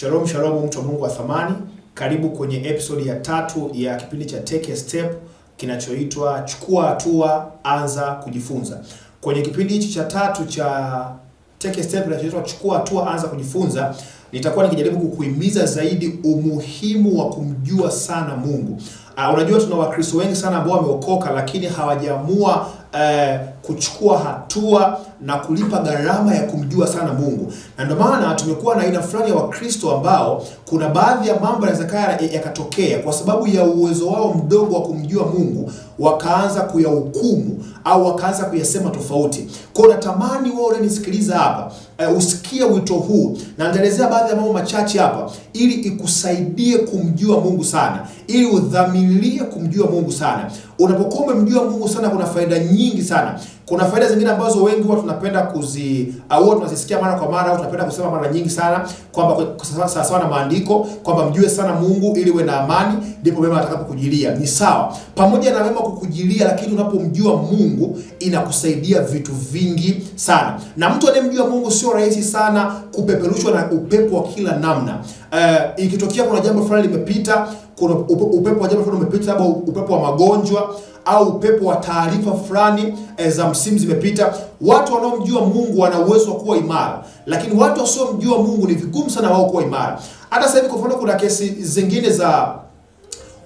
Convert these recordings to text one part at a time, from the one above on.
Shalom shalom, mtu wa Mungu wa thamani, karibu kwenye episode ya tatu ya kipindi cha Take a Step kinachoitwa chukua hatua, anza kujifunza. Kwenye kipindi hichi cha tatu cha Take a Step kinachoitwa chukua hatua, anza kujifunza, nitakuwa nikijaribu kukuhimiza zaidi umuhimu wa kumjua sana Mungu. Uh, unajua tuna Wakristo wengi sana ambao wameokoka lakini hawajaamua uh, kuchukua hatua na kulipa gharama ya kumjua sana Mungu. Na ndio maana tumekuwa na aina fulani ya Wakristo ambao kuna baadhi ya mambo yanawezekana yakatokea kwa sababu ya uwezo wao mdogo wa kumjua Mungu, wakaanza kuyahukumu au wakaanza kuyasema tofauti. Kwa hiyo natamani wewe unanisikiliza hapa Uh, usikie wito huu na nitaelezea baadhi ya mambo machache hapa, ili ikusaidie kumjua Mungu sana, ili udhamilie kumjua Mungu sana. Unapokuwa umemjua Mungu sana, kuna faida nyingi sana. Kuna faida zingine ambazo wengi huwa tunapenda kuzi au tunazisikia mara kwa mara au tunapenda kusema mara nyingi sana kwamba sawa sawa na maandiko kwamba mjue sana Mungu ili uwe na amani ndipo mema atakapokujilia. Ni sawa. Pamoja na mema kukujilia, lakini unapomjua Mungu inakusaidia vitu vingi sana. Na mtu anayemjua Mungu sio rahisi sana kupeperushwa na upepo wa kila namna. Uh, ikitokea kuna jambo fulani limepita, kuna upepo wa jambo fulani umepita, labda upepo wa magonjwa au upepo wa taarifa fulani eh, za msimu zimepita. Watu wanaomjua Mungu wana uwezo wa kuwa imara, lakini watu wasiomjua Mungu ni vigumu sana wao kuwa imara. Hata sasa hivi, kwa mfano, kuna kesi zingine za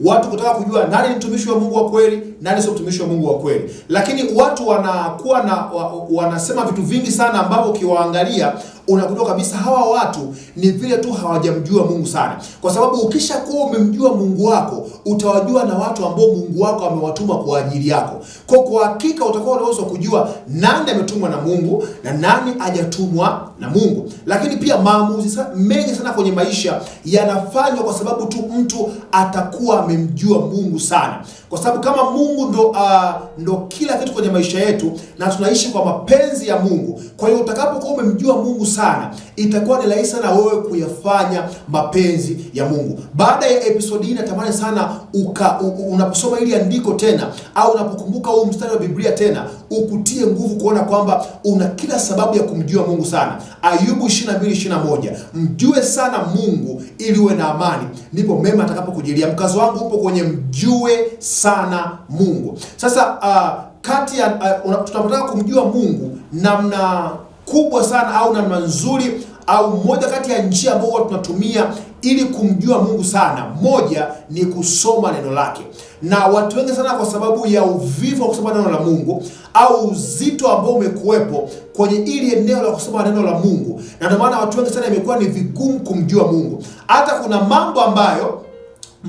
watu kutaka kujua nani ni mtumishi wa Mungu wa kweli, nani sio mtumishi wa Mungu wa kweli, lakini watu wanakuwa na wanasema vitu vingi sana ambavyo ukiwaangalia unagundua kabisa hawa watu ni vile tu hawajamjua Mungu sana, kwa sababu ukishakuwa umemjua Mungu wako utawajua na watu ambao Mungu wako amewatuma kwa ajili yako. Kwa kwa hakika utakuwa unaweza kujua nani ametumwa na Mungu na nani hajatumwa na Mungu. Lakini pia maamuzi mengi sana kwenye maisha yanafanywa kwa sababu tu mtu atakuwa amemjua Mungu sana, kwa sababu kama Mungu ndo, uh, ndo kila kitu kwenye maisha yetu na tunaishi kwa mapenzi ya Mungu, kwa hiyo utakapokuwa umemjua Mungu sana, sana, itakuwa ni rahisi sana wewe kuyafanya mapenzi ya Mungu. Baada ya episodi hii, natamani sana uka unaposoma hili andiko tena au unapokumbuka huu mstari wa Biblia tena ukutie nguvu kuona kwamba una kila sababu ya kumjua Mungu sana. Ayubu 22:21, mjue sana Mungu ili uwe na amani, ndipo mema atakapokujilia. Mkazo wangu upo kwenye mjue sana Mungu. Sasa uh, kati ya uh, tunapotaka kumjua Mungu namna kubwa sana au namna nzuri au moja kati ya njia ambazo huwa tunatumia ili kumjua Mungu sana, moja ni kusoma neno lake. Na watu wengi sana, kwa sababu ya uvivu wa kusoma neno la Mungu au uzito ambao umekuwepo kwenye ili eneo la kusoma neno la Mungu, na ndio maana watu wengi sana imekuwa ni vigumu kumjua Mungu. Hata kuna mambo ambayo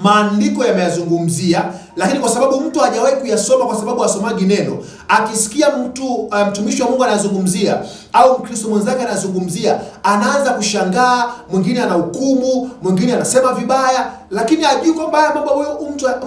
maandiko yameyazungumzia lakini kwa sababu mtu hajawahi kuyasoma, kwa sababu asomagi neno, akisikia mtu uh, mtumishi um, wa Mungu anazungumzia au Mkristo mwenzake anazungumzia, anaanza kushangaa, mwingine anahukumu, mwingine anasema vibaya, lakini ajui kwamba haya mambo huyo mtu hayo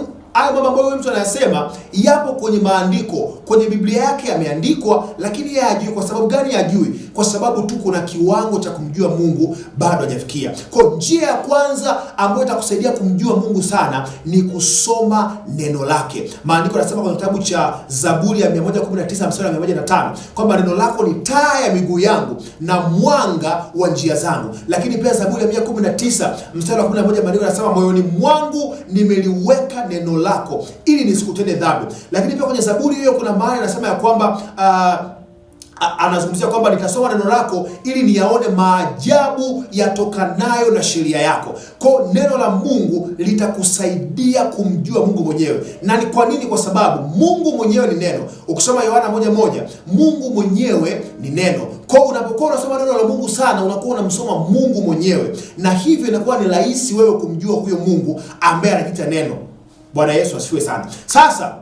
mambo ambayo huyo mtu anayasema yapo kwenye maandiko, kwenye Biblia yake yameandikwa, lakini yeye ya hajui. Kwa sababu gani hajui? kwa sababu tu kuna kiwango cha kumjua Mungu bado hajafikia. Kwa njia ya kwanza ambayo itakusaidia kumjua Mungu sana ni kusoma neno lake. Maandiko yanasema kwenye kitabu cha Zaburi ya 119 mstari wa 105 kwamba neno lako ni taa ya miguu yangu na mwanga wa njia zangu. Lakini pia Zaburi ya 119 mstari wa 11 maandiko yanasema moyoni mwangu nimeliweka neno lako ili nisikutende dhambi. Lakini pia kwenye Zaburi hiyo kuna mahali anasema ya kwamba uh, anazungumzia kwamba nitasoma neno lako ili niyaone maajabu yatokanayo na sheria yako. Kwa neno la Mungu litakusaidia kumjua Mungu mwenyewe. Na ni kwa nini? Kwa sababu Mungu mwenyewe ni neno. Ukisoma Yohana moja moja, Mungu mwenyewe ni neno. Kwa unapokuwa unasoma neno la Mungu sana, unakuwa unamsoma Mungu mwenyewe, na hivyo inakuwa ni rahisi wewe kumjua huyo Mungu ambaye anajiita neno. Bwana Yesu asifiwe sana. Sasa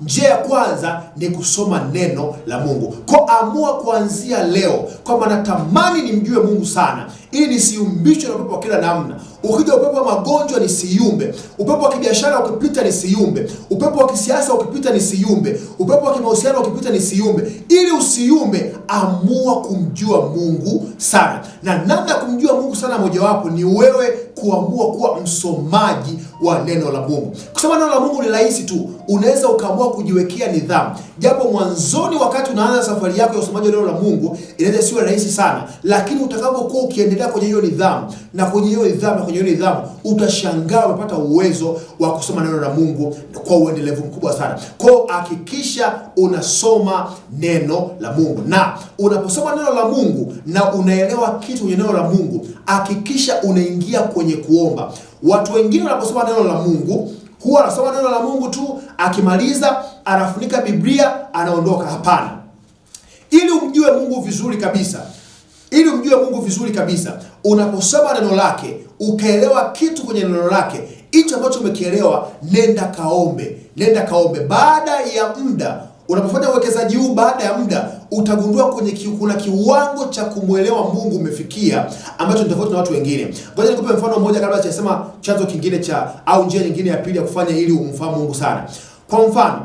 Njia ya kwanza ni kusoma neno la Mungu. Kwa amua kuanzia leo kwamba natamani nimjue Mungu sana, ili nisiumbishwe na upepo wa kila namna. Ukija upepo wa magonjwa ni siyumbe, upepo wa kibiashara ukipita siyumbe, upepo wa kisiasa ukipita ni siyumbe, upepo wa kimahusiano ukipita siyumbe. Ili usiumbe, amua kumjua Mungu sana, na namna ya kumjua Mungu sana mojawapo ni wewe kuamua kuwa msomaji wa neno la Mungu. Kusoma neno la Mungu ni rahisi tu, unaweza ukaamua kujiwekea nidhamu, japo mwanzoni, wakati unaanza safari yako ya usomaji wa neno la Mungu, inaweza siwe rahisi sana, lakini utakapokuwa ukiendelea kwenye hiyo nidhamu na kwenye hiyo nidhamu kwenye ile nidhamu, utashangaa umepata uwezo wa kusoma neno la Mungu kwa uendelevu mkubwa sana. Kwa hiyo hakikisha unasoma neno la Mungu, na unaposoma neno la Mungu na unaelewa kitu kwenye neno la Mungu, hakikisha unaingia kwenye kuomba. Watu wengine wanaposoma neno la Mungu huwa anasoma neno la Mungu tu, akimaliza anafunika Biblia, anaondoka. Hapana, ili umjue Mungu vizuri kabisa ili umjue Mungu vizuri kabisa, unaposoma neno lake ukaelewa kitu kwenye neno lake hicho ambacho umekielewa, nenda kaombe, nenda kaombe. Baada ya muda, unapofanya uwekezaji huu, baada ya muda utagundua kwenye kuna kiwango cha kumwelewa Mungu umefikia ambacho ni tofauti na watu wengine. Ngoja nikupe mfano mmoja kabla sijasema chanzo kingine cha au njia nyingine ya pili ya kufanya ili umfahamu Mungu sana. Kwa mfano,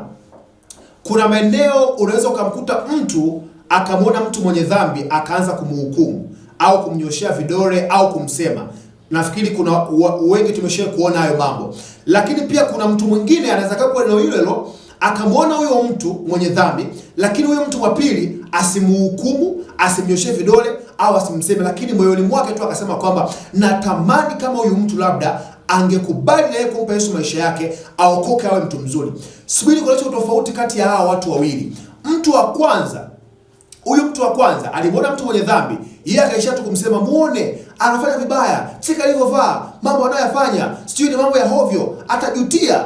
kuna maeneo unaweza ukamkuta mtu akamwona mtu mwenye dhambi akaanza kumhukumu au kumnyoshea vidole au kumsema. Nafikiri kuna wengi tumesha kuona hayo mambo, lakini pia kuna mtu mwingine anaweza kuwa eneo hilo hilo akamwona huyo mtu mwenye dhambi, lakini huyo mtu wa pili asimhukumu, asimnyoshee vidole au asimseme, lakini moyoni mwake tu akasema kwamba natamani kama huyu mtu labda angekubali naye kumpa Yesu maisha yake, aokoke awe mtu mzuri. Subiri, kuna tofauti kati ya hawa watu wawili. Mtu wa kwanza Huyu mtu wa kwanza alimwona mtu mwenye dhambi, yeye akaisha tu kumsema muone, anafanya vibaya, chika alivyovaa, mambo anayoyafanya sijui ni mambo ya hovyo, atajutia.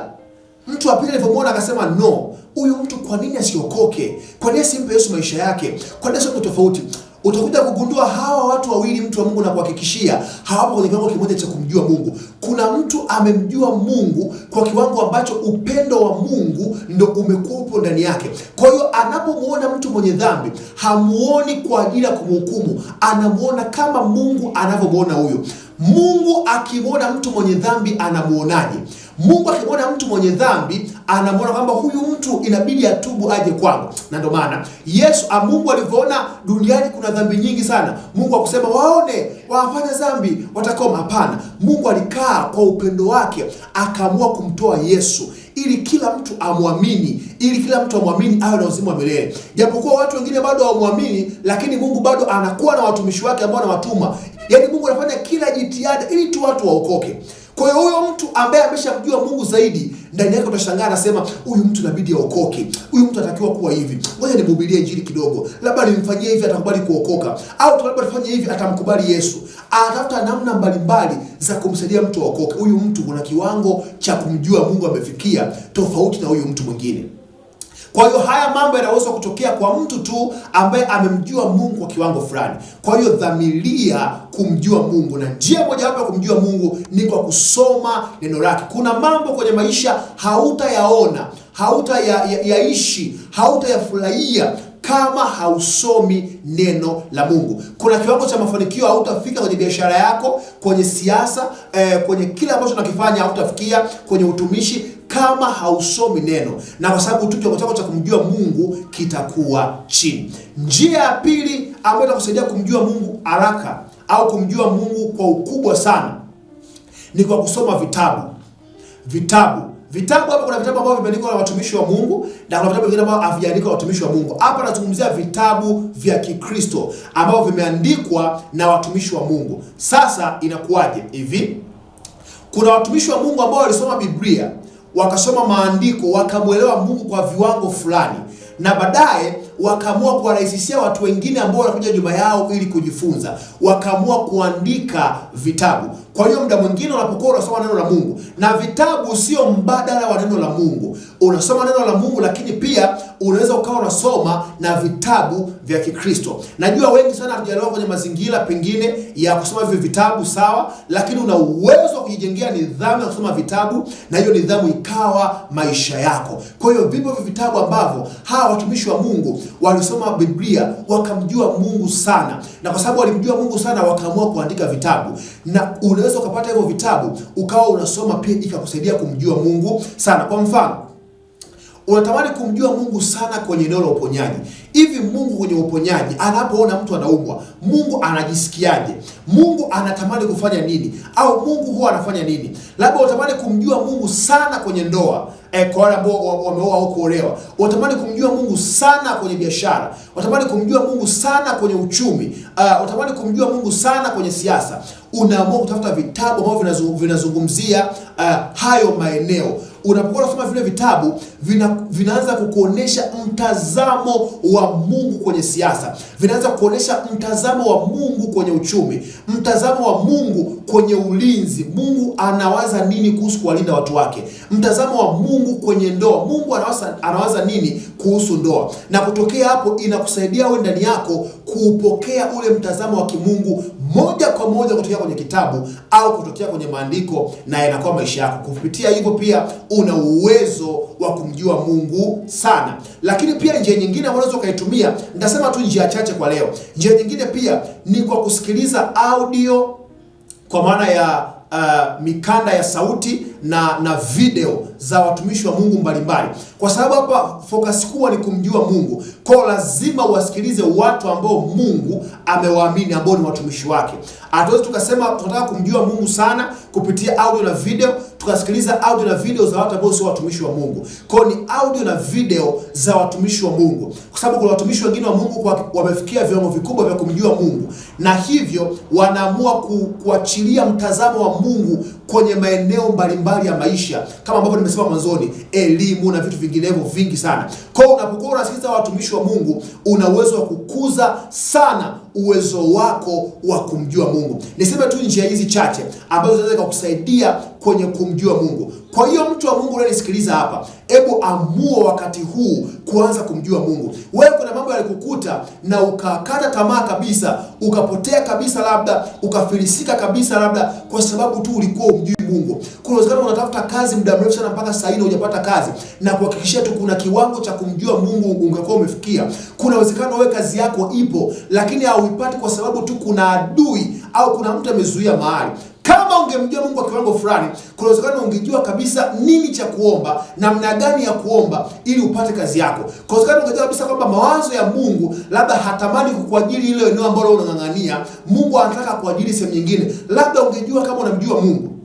Mtu wa pili alivyomwona akasema, no, huyu mtu kwa nini asiokoke? Kwa nini asimpe Yesu maisha yake? Kwa nini asiwe tofauti? utakuja kugundua hawa watu wawili, mtu wa Mungu na kuhakikishia, hawapo kwenye kiwango kimoja cha kumjua Mungu. Kuna mtu amemjua Mungu kwa kiwango ambacho upendo wa Mungu ndo umekuwa upo ndani yake. Kwa hiyo anapomwona mtu mwenye dhambi, hamuoni kwa ajili ya kumhukumu, anamuona kama Mungu anavyomwona huyo. Mungu akimwona mtu mwenye dhambi, anamwonaje? Mungu akimwona mtu mwenye dhambi anamwona kwamba huyu mtu inabidi atubu aje kwangu, na ndio maana Yesu ah, Mungu alivyoona duniani kuna dhambi nyingi sana, Mungu akusema waone wafanya dhambi watakoma? Hapana, Mungu alikaa kwa upendo wake akaamua kumtoa Yesu ili kila mtu amwamini, ili kila mtu amwamini awe na uzima wa milele. Japokuwa watu wengine bado hawamwamini, lakini Mungu bado anakuwa na watumishi wake ambao anawatuma. Yaani Mungu anafanya kila jitihada ili tu watu waokoke. Kwa hiyo huyo mtu ambaye ameshamjua Mungu zaidi, ndani yake utashangaa anasema, huyu mtu inabidi aokoke, huyu mtu anatakiwa kuwa hivi, ngoja nimhubirie injili kidogo, labda nimfanyie hivi atakubali kuokoka, au labda nifanye hivi atamkubali Yesu. Anatafuta namna mbalimbali za kumsaidia mtu aokoke. Huyu mtu kuna kiwango cha kumjua Mungu amefikia, tofauti na huyu mtu mwingine. Kwa hiyo haya mambo yanaweza kutokea kwa mtu tu ambaye amemjua Mungu kwa kiwango fulani. Kwa hiyo dhamiria kumjua Mungu, na njia mojawapo ya kumjua Mungu ni kwa kusoma neno lake. Kuna mambo kwenye maisha hautayaona, hautayaishi, hautayafurahia kama hausomi neno la Mungu. Kuna kiwango cha mafanikio hautafika kwenye biashara yako, kwenye siasa eh, kwenye kile ambacho unakifanya hautafikia, kwenye utumishi kama hausomi neno, na kwa sababu tu kiwango chako cha kumjua Mungu kitakuwa chini. Njia ya pili ambayo itakusaidia kumjua Mungu haraka au kumjua Mungu kwa ukubwa sana ni kwa kusoma vitabu. Vitabu vitabu hapa kuna vitabu ambavyo vimeandikwa na watumishi wa Mungu na kuna vitabu vingine ambavyo havijaandikwa na watumishi wa Mungu. Hapa nazungumzia vitabu vya Kikristo ambavyo vimeandikwa na watumishi wa Mungu. Sasa inakuwaje hivi? Kuna watumishi wa Mungu ambao walisoma Biblia wakasoma maandiko wakamwelewa Mungu kwa viwango fulani, na baadaye wakaamua kuwarahisishia watu wengine ambao wanakuja nyuma yao ili kujifunza, wakaamua kuandika vitabu. Kwa hiyo muda mwingine unapokuwa unasoma neno la Mungu, na vitabu sio mbadala wa neno la Mungu, unasoma neno la Mungu lakini pia unaweza ukawa unasoma na vitabu vya Kikristo. Najua wengi sana hatujaelewa kwenye mazingira pengine ya kusoma hivyo vitabu sawa, lakini una uwezo wa kujijengea nidhamu ya kusoma vitabu na hiyo nidhamu ikawa maisha yako. Kwa hiyo vipo vitabu ambavyo hawa watumishi wa Mungu walisoma Biblia wakamjua Mungu sana, na kwa sababu walimjua Mungu sana wakaamua kuandika vitabu, na unaweza ukapata hivyo vitabu ukawa unasoma pia ikakusaidia kumjua Mungu sana. Kwa mfano unatamani kumjua Mungu sana kwenye eneo la uponyaji. Hivi Mungu kwenye uponyaji anapoona mtu anaumwa, Mungu anajisikiaje? Mungu anatamani kufanya nini? Au Mungu huwa anafanya nini? Labda unatamani kumjua Mungu sana kwenye ndoa E, kwa wale ambao wameoa au kuolewa, Unatamani kumjua Mungu sana kwenye biashara, Unatamani kumjua Mungu sana kwenye uchumi, uh, kumjua Mungu sana kwenye siasa. Unaamua kutafuta vitabu ambavyo vinazungumzia uh, hayo maeneo Unapokuwa unasoma vile vitabu vina, vinaanza kukuonesha mtazamo wa Mungu kwenye siasa, vinaanza kuonesha mtazamo wa Mungu kwenye uchumi, mtazamo wa Mungu kwenye ulinzi. Mungu anawaza nini kuhusu kuwalinda watu wake? Mtazamo wa Mungu kwenye ndoa, Mungu anawaza, anawaza nini kuhusu ndoa? Na kutokea hapo inakusaidia wewe ndani yako kuupokea ule mtazamo wa kimungu moja kwa moja kutokea kwenye kitabu au kutokea kwenye maandiko, na yanakuwa maisha yako kupitia hivyo pia una uwezo wa kumjua Mungu sana. Lakini pia njia nyingine unaweza ukaitumia, nitasema tu njia chache kwa leo. Njia nyingine pia ni kwa kusikiliza audio kwa maana ya uh, mikanda ya sauti na na video za watumishi wa Mungu mbalimbali, kwa sababu hapa focus kubwa ni kumjua Mungu. Kwa lazima uwasikilize watu ambao Mungu amewaamini ambao ni watumishi wake. Hatuwezi tukasema tunataka kumjua Mungu sana kupitia audio na video tukasikiliza audio na video za watu ambao sio watumishi wa Mungu. Kwa ni audio na video za watumishi wa Mungu, kwa sababu kuna watumishi wengine wa Mungu wamefikia viwango vikubwa vya kumjua Mungu na hivyo wanaamua ku, kuachilia mtazamo wa Mungu kwenye maeneo mbalimbali ya maisha, kama ambavyo nimesema mwanzoni, elimu na vitu vinginevyo vingi sana. Kwa hiyo unapokuwa unasikiliza watumishi wa Mungu, una uwezo wa kukuza sana uwezo wako wa kumjua Mungu. Niseme tu njia hizi chache ambazo zinaweza kukusaidia kwenye kumjua Mungu. Kwa hiyo mtu wa Mungu unanisikiliza hapa, hebu amua wakati huu kuanza kumjua Mungu. Wewe kuna mambo yalikukuta na ukakata tamaa kabisa, ukapotea kabisa, labda ukafilisika kabisa, labda kwa sababu tu ulikuwa umjui Mungu. Kuna uwezekano unatafuta kazi muda mrefu sana mpaka sasa hivi hujapata kazi, na kuhakikishia tu kuna kiwango cha kumjua Mungu ungekuwa umefikia. Kuna uwezekano wewe kazi yako ipo lakini ya hauipati kwa sababu tu kuna adui au kuna mtu amezuia mahali. Kama ungemjua Mungu kwa kiwango fulani, kuna uwezekano ungejua kabisa nini cha kuomba, namna gani ya kuomba ili upate kazi yako. Kwa uwezekano ungejua kabisa kwamba mawazo ya Mungu labda hatamani kukuajiri ile eneo ambalo unang'ang'ania, Mungu anataka kuajiri sehemu nyingine. Labda ungejua kama unamjua Mungu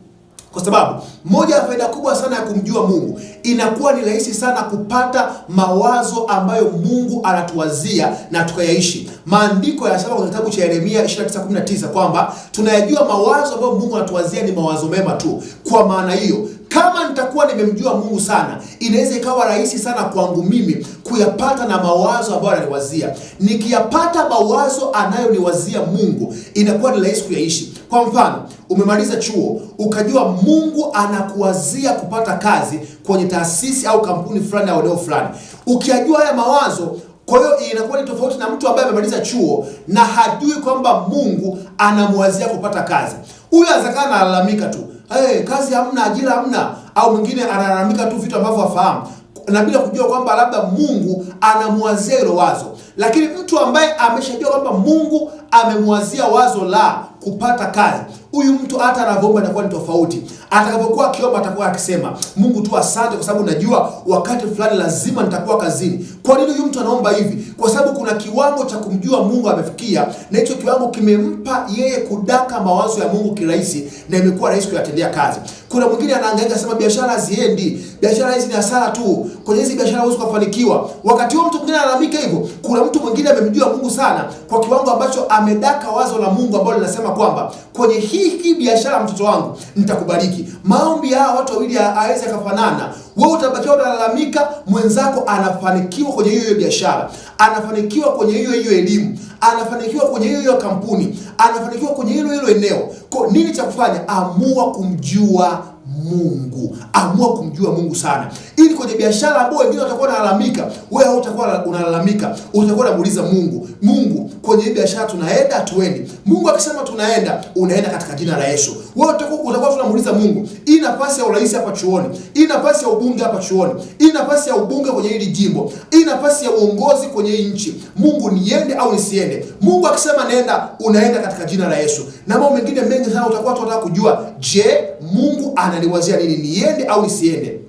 kwa sababu moja ya faida kubwa sana ya kumjua Mungu, inakuwa ni rahisi sana kupata mawazo ambayo Mungu anatuwazia na tukayaishi. Maandiko yanasema kwenye kitabu cha Yeremia 29:19 kwamba tunayajua mawazo ambayo Mungu anatuwazia ni mawazo mema tu. Kwa maana hiyo kama nitakuwa nimemjua Mungu sana, inaweza ikawa rahisi sana kwangu mimi kuyapata na mawazo ambayo ananiwazia. Nikiyapata mawazo anayoniwazia Mungu, inakuwa ni rahisi kuyaishi. Kwa mfano, umemaliza chuo ukajua Mungu anakuwazia kupata kazi kwenye taasisi au kampuni fulani au eneo fulani, ukiajua haya mawazo kwa hiyo inakuwa ni tofauti na mtu ambaye amemaliza chuo na hajui kwamba Mungu anamwazia kupata kazi. Huyo azakaa analalamika tu, hey, kazi hamna, ajira hamna, au mwingine analalamika tu vitu ambavyo hafahamu na bila kujua kwamba labda Mungu anamwazia hilo wazo. Lakini mtu ambaye ameshajua kwamba Mungu amemwazia wazo la kupata kazi huyu mtu hata anavyoomba inakuwa ni tofauti. Atakapokuwa akiomba atakuwa akisema, Mungu tu asante, kwa sababu najua wakati fulani lazima nitakuwa kazini. Kwa nini huyu mtu anaomba hivi? Kwa sababu kuna kiwango cha kumjua Mungu amefikia, na hicho kiwango kimempa yeye kudaka mawazo ya Mungu kirahisi, na imekuwa rahisi kuyatendea kazi. Kuna mwingine anahangaika sema, biashara haziendi, biashara hizi ni hasara tu, kwenye hizi biashara huwezi kufanikiwa. Wakati huo mtu mwingine analalamika hivyo. Kuna mtu mwingine amemjua Mungu sana kwa kiwango ambacho amedaka wazo la Mungu ambalo linasema kwamba kwenye hii hiki biashara mtoto wangu nitakubariki. Maombi haya watu wawili aweze akafanana, wewe utabakiwa unalalamika, mwenzako anafanikiwa kwenye hiyo hiyo biashara, anafanikiwa kwenye hiyo hiyo elimu, anafanikiwa kwenye hiyo hiyo kampuni, anafanikiwa kwenye hilo hilo eneo. Kwa nini cha kufanya? Amua kumjua Mungu. Amua kumjua Mungu sana, ili kwenye biashara ambayo wengine watakuwa wanalalamika, wewe hautakuwa unalalamika, utakuwa unamuuliza Mungu, Mungu, kwenye hii biashara tunaenda tuende. Mungu akisema tunaenda, unaenda katika jina la Yesu. Wewe utakuwa tunamuuliza Mungu, hii nafasi ya urais hapa chuoni, hii nafasi ya ubunge hapa chuoni, hii nafasi ya ubunge kwenye hili jimbo, hii nafasi ya uongozi kwenye hii nchi, Mungu niende au nisiende? Mungu akisema nenda, unaenda katika jina la Yesu. Na mambo mengine mengi sana utakuwa tunataka kujua, je, Mungu ananiwazia nini, niende au nisiende?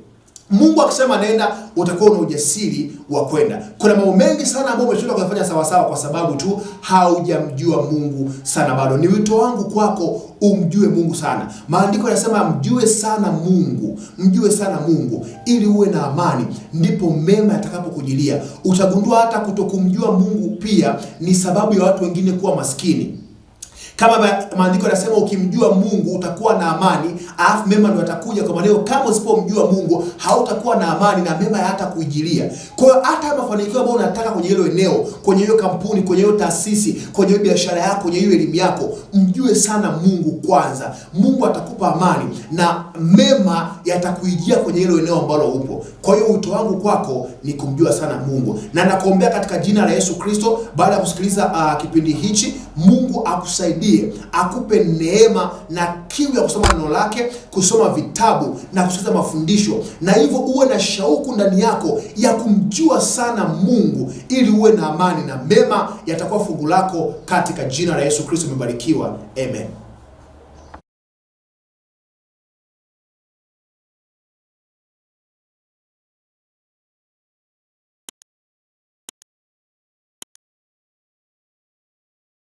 Mungu akisema nenda, utakuwa una ujasiri wa kwenda. Kuna mambo mengi sana ambayo umeshindwa kuyafanya sawasawa kwa sababu tu haujamjua Mungu sana bado. Ni wito wangu kwako umjue Mungu sana. Maandiko yanasema mjue sana Mungu, mjue sana Mungu ili uwe na amani, ndipo mema yatakapokujilia. Utagundua hata kutokumjua Mungu pia ni sababu ya watu wengine kuwa maskini. Kama maandiko yanasema ukimjua Mungu utakuwa na amani, alafu mema ndio atakuja kwa maneno. Kama usipomjua Mungu hautakuwa na amani na mema hayatakuijilia. Kwa hiyo hata mafanikio ambayo unataka kwenye hilo eneo, kwenye hiyo kampuni, kwenye hiyo taasisi, kwenye hiyo biashara yako, kwenye hiyo elimu yako, mjue sana Mungu kwanza. Mungu atakupa amani na mema yatakuijia kwenye hilo eneo ambalo upo. Kwa hiyo wito wangu kwako ni kumjua sana Mungu, na nakuombea katika jina la Yesu Kristo, baada ya kusikiliza uh, kipindi hichi Mungu Mungu akusaidie, akupe neema na kiu ya kusoma neno lake, kusoma vitabu na kusikiliza mafundisho, na hivyo uwe na shauku ndani yako ya kumjua sana Mungu ili uwe na amani, na mema yatakuwa fungu lako katika jina la Yesu Kristo. Umebarikiwa, amen.